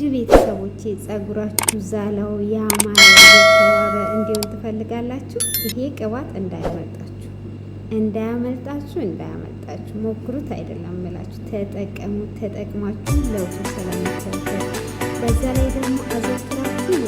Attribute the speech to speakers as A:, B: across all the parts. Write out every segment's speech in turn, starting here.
A: ውድ ቤተሰቦቼ ጸጉራችሁ ዛላው ያማረ የተዋበ እንዲሆን ትፈልጋላችሁ? ይሄ ቅባት እንዳያመልጣችሁ እንዳያመልጣችሁ እንዳያመልጣችሁ ሞክሩት። አይደለም ምላችሁ ተጠቀሙ። ተጠቅማችሁ ለውጡ ስለሚሰበት በዛ ላይ ደግሞ አዘውትራችሁ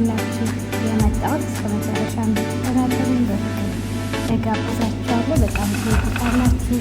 A: ይዤላችሁ የመጣሁት እስከ መጨረሻ እንድትከታተሉኝ በፍቅር እጋብዛችኋለሁ። በጣም ትወዱታላችሁ።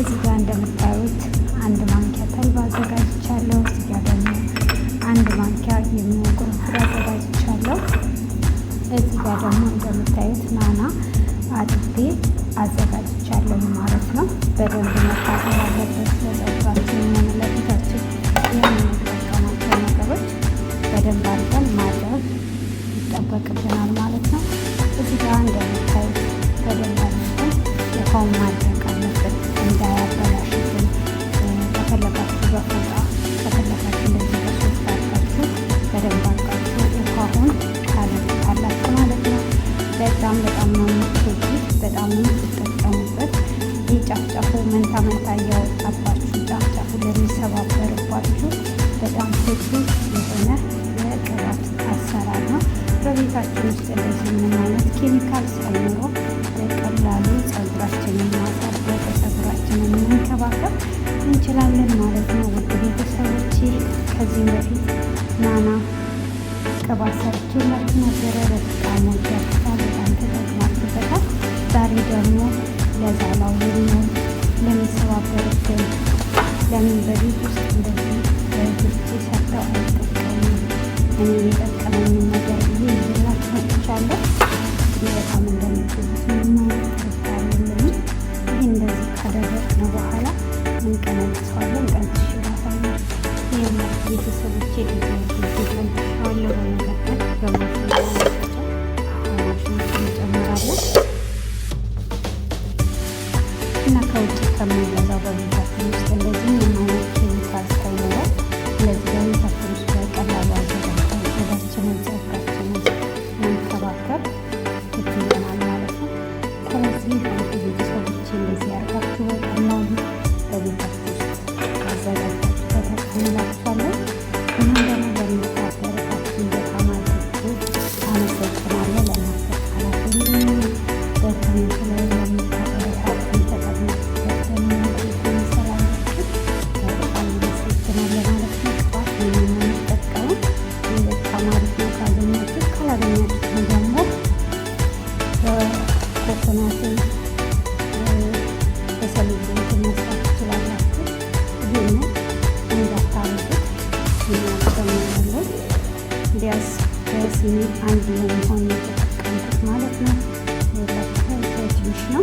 A: እዚህ ጋር እንደምታዩት አንድ ማንኪያ ተልባ አዘጋጅቻለሁ። እዚህ ጋር ደግሞ አንድ ማንኪያ የሚሆን ቁርንፍር አዘጋጅቻለሁ። እዚህ ጋር ደግሞ እንደምታዩት ናና አጥቤ አዘጋጅ መንታ መንታ እያወጣባችሁ ጫፍጫፉ ለሚሰባበርባችሁ በጣም ቴክኒክ የሆነ የቅባት አሰራር ነው። በቤታችን ውስጥ ላይ ምን አይነት ኬሚካል ጨምሮ በቀላሉ ጸጉራችን ማሳደግ ጸጉራችን መንከባከብ እንችላለን ማለት ነው። ውድ ቤተሰቦች ከዚህም በፊት ናና ቅባት ሰርቼላችሁ ነበረ በጣም ወደ ለምን በቤት ውስጥ እንደዚህ ለልጆቼ ሰርተው አይጠቀሙም? እኔ የጠቀመኝ ነገር ብዬ ይዘላችሁ መጥቻለሁ። በጣም እንደምትሉት ምንም ይህ እንደዚህ ካደረግ በኋላ እንቀነጥሰዋለን። ቀንስሽ ራሳለ የሁለት ቤተሰቦቼ እናጨምራለን። ቢያንስ በስኒ አንድ የሚሆን የተጠቀምኩት ማለት ነው። ትንሽ ነው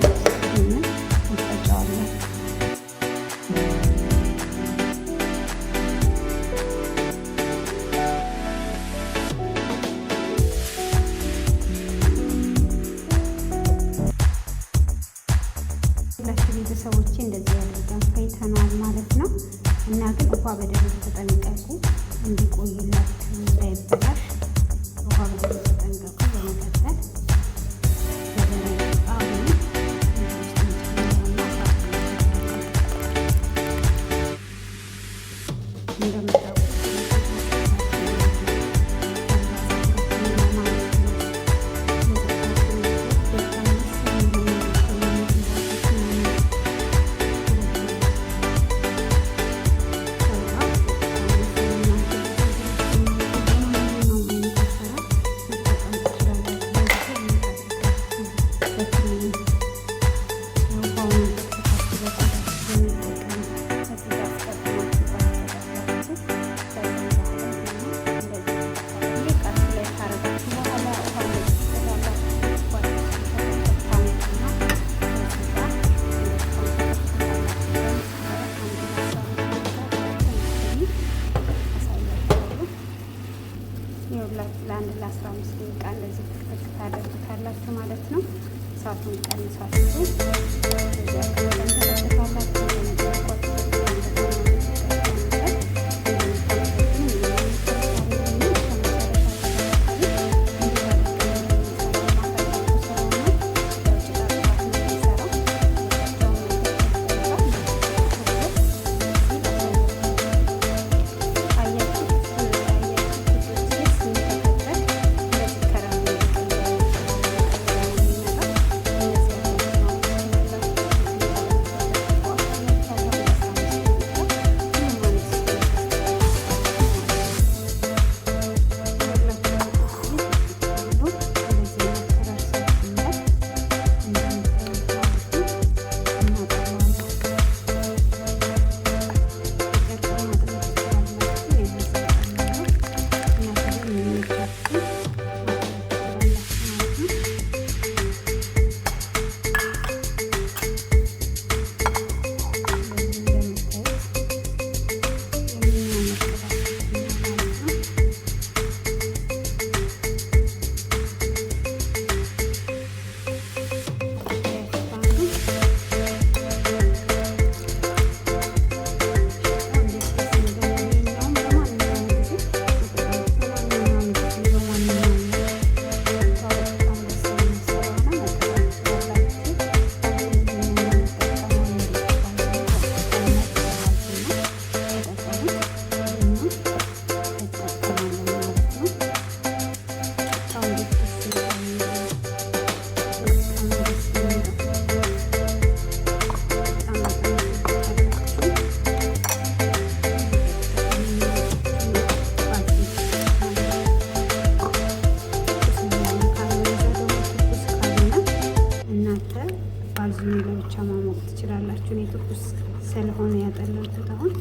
A: ታውቃላችሁ። እኔ ትኩስ ስለሆነ ያጠላሁት አሁን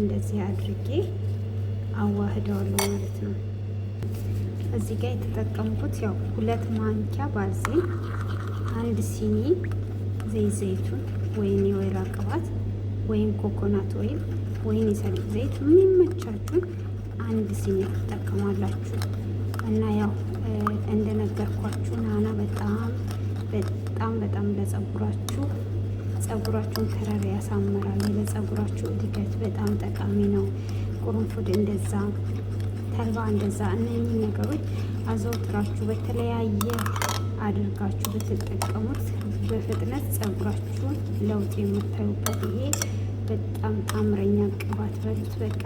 A: እንደዚህ አድርጌ አዋህደዋለሁ ማለት ነው። እዚህ ጋር የተጠቀምኩት ያው ሁለት ማንኪያ ባዜ፣ አንድ ሲኒ ዘይት ዘይቱን ወይም የወይራ ቅባት ወይም ኮኮናት ወይም ወይም የሰል ዘይት የሚመቻችሁን አንድ ሲኒ ትጠቀማላችሁ እና ያው እንደነገርኳችሁ ናና በጣም በጣም በጣም ለጸጉራችሁ ጸጉራችሁን ከረር ያሳምራል። ለጸጉራችሁ እድገት በጣም ጠቃሚ ነው። ቁርንፉድ እንደዛ፣ ተልባ እንደዛ። እነኚህ ነገሮች አዘውትራችሁ በተለያየ አድርጋችሁ ብትጠቀሙት በፍጥነት ጸጉራችሁን ለውጥ የምታዩበት ይሄ በጣም ታምረኛ ቅባት በሉት። በቃ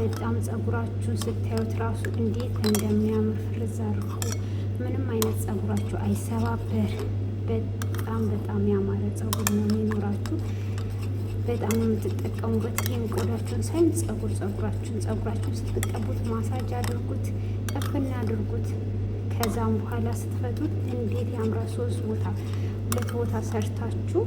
A: በጣም ጸጉራችሁን ስታዩት ራሱ እንዴት እንደሚያምር ፍርዝ አድርጎ ምንም አይነት ጸጉራችሁ አይሰባበር። በጣም በጣም ያማረ ጸጉር ነው የሚኖራችሁ። በጣም የምትጠቀሙበት ይህን ቆዳችሁን ሳይን ጸጉር ጸጉራችሁን ጸጉራችሁን ስትቀቡት ማሳጅ አድርጉት፣ ጠፍና አድርጉት። ከዛም በኋላ ስትፈቱት እንዴት ያምራ ሶስት ቦታ ሁለት ቦታ ሰርታችሁ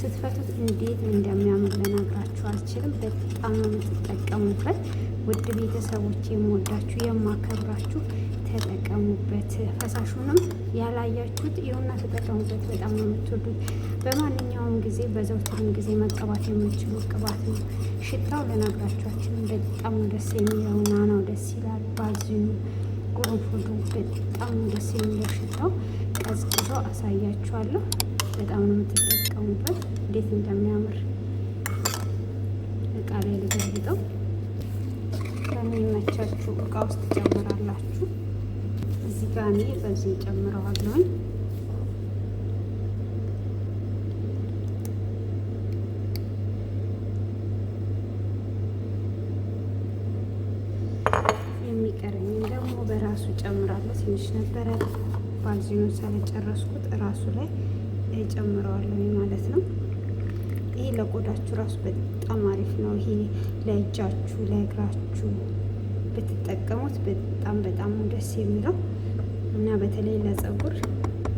A: ስትፈቱት እንዴት እንደሚያምር ልነግራችሁ አልችልም። በጣም ነው የምትጠቀሙበት። ውድ ቤተሰቦች የምወዳችሁ የማከብራችሁ ተጠቀሙበት። ፈሳሹንም ያላያችሁት ይሁና ተጠቀሙበት። በጣም ነው የምትወዱት። በማንኛውም ጊዜ በዘውትርም ጊዜ መቀባት የምችሉ ቅባት ነው። ሽታው ለነግራችኋችን በጣም ደስ የሚለው ናና ደስ ይላል። ባዝኑ ቁርፉዱ በጣም ደስ የሚለው ሽታው ቀዝቅዞ አሳያችኋለሁ። በጣም ነው የምትጠቀሙበት። እንዴት እንደሚያምር እቃ ላይ ልገልጠው በሚመቻችሁ እቃ ውስጥ ጨምራላችሁ። እዚህ ጋር እኔ በዚህ ጨምረዋለሁኝ። የሚቀረኝም ደግሞ በራሱ ጨምራለሁ። ትንሽ ነበረ ባልዚኑን ስለጨረስኩት እራሱ ላይ ጨምረዋለሁኝ ማለት ነው። ይህ ለቆዳችሁ ራሱ በጣም አሪፍ ነው። ይሄ ለእጃችሁ ለእግራችሁ ብትጠቀሙት በጣም በጣም ደስ የሚለው እና በተለይ ለፀጉር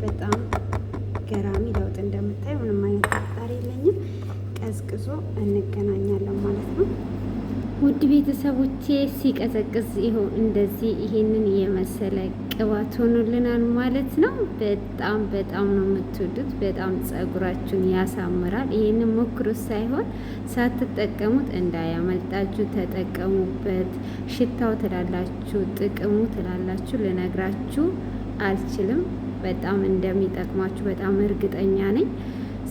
A: በጣም ገራሚ ለውጥ እንደምታዩ ምንም አይነት ጥርጣሬ የለኝም። ቀዝቅዞ እንገናኛለን ማለት ነው። ውድ ቤተሰቦቼ ሲቀዘቅዝ ይኸው እንደዚህ ይሄንን የመሰለ ቅባት ሆኖልናል ማለት ነው። በጣም በጣም ነው የምትወዱት። በጣም ጸጉራችሁን ያሳምራል። ይሄንን ሞክሩት፣ ሳይሆን ሳትጠቀሙት እንዳያመልጣችሁ ተጠቀሙበት። ሽታው ትላላችሁ፣ ጥቅሙ ትላላችሁ፣ ልነግራችሁ አልችልም። በጣም እንደሚጠቅማችሁ በጣም እርግጠኛ ነኝ።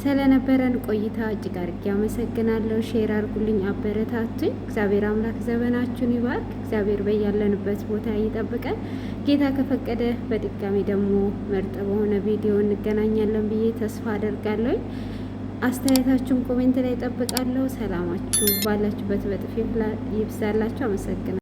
A: ስለነበረን ቆይታ እጅግ አድርጌ አመሰግናለሁ። ሼር አርጉልኝ አበረታቱኝ። እግዚአብሔር አምላክ ዘመናችሁን ይባርክ። እግዚአብሔር በያለንበት ቦታ ይጠብቀን። ጌታ ከፈቀደ በድጋሚ ደግሞ ምርጥ በሆነ ቪዲዮ እንገናኛለን ብዬ ተስፋ አደርጋለሁ። አስተያየታችሁን ኮሜንት ላይ እጠብቃለሁ። ሰላማችሁ ባላችሁበት በጥፍ ይብዛላችሁ። አመሰግናለሁ።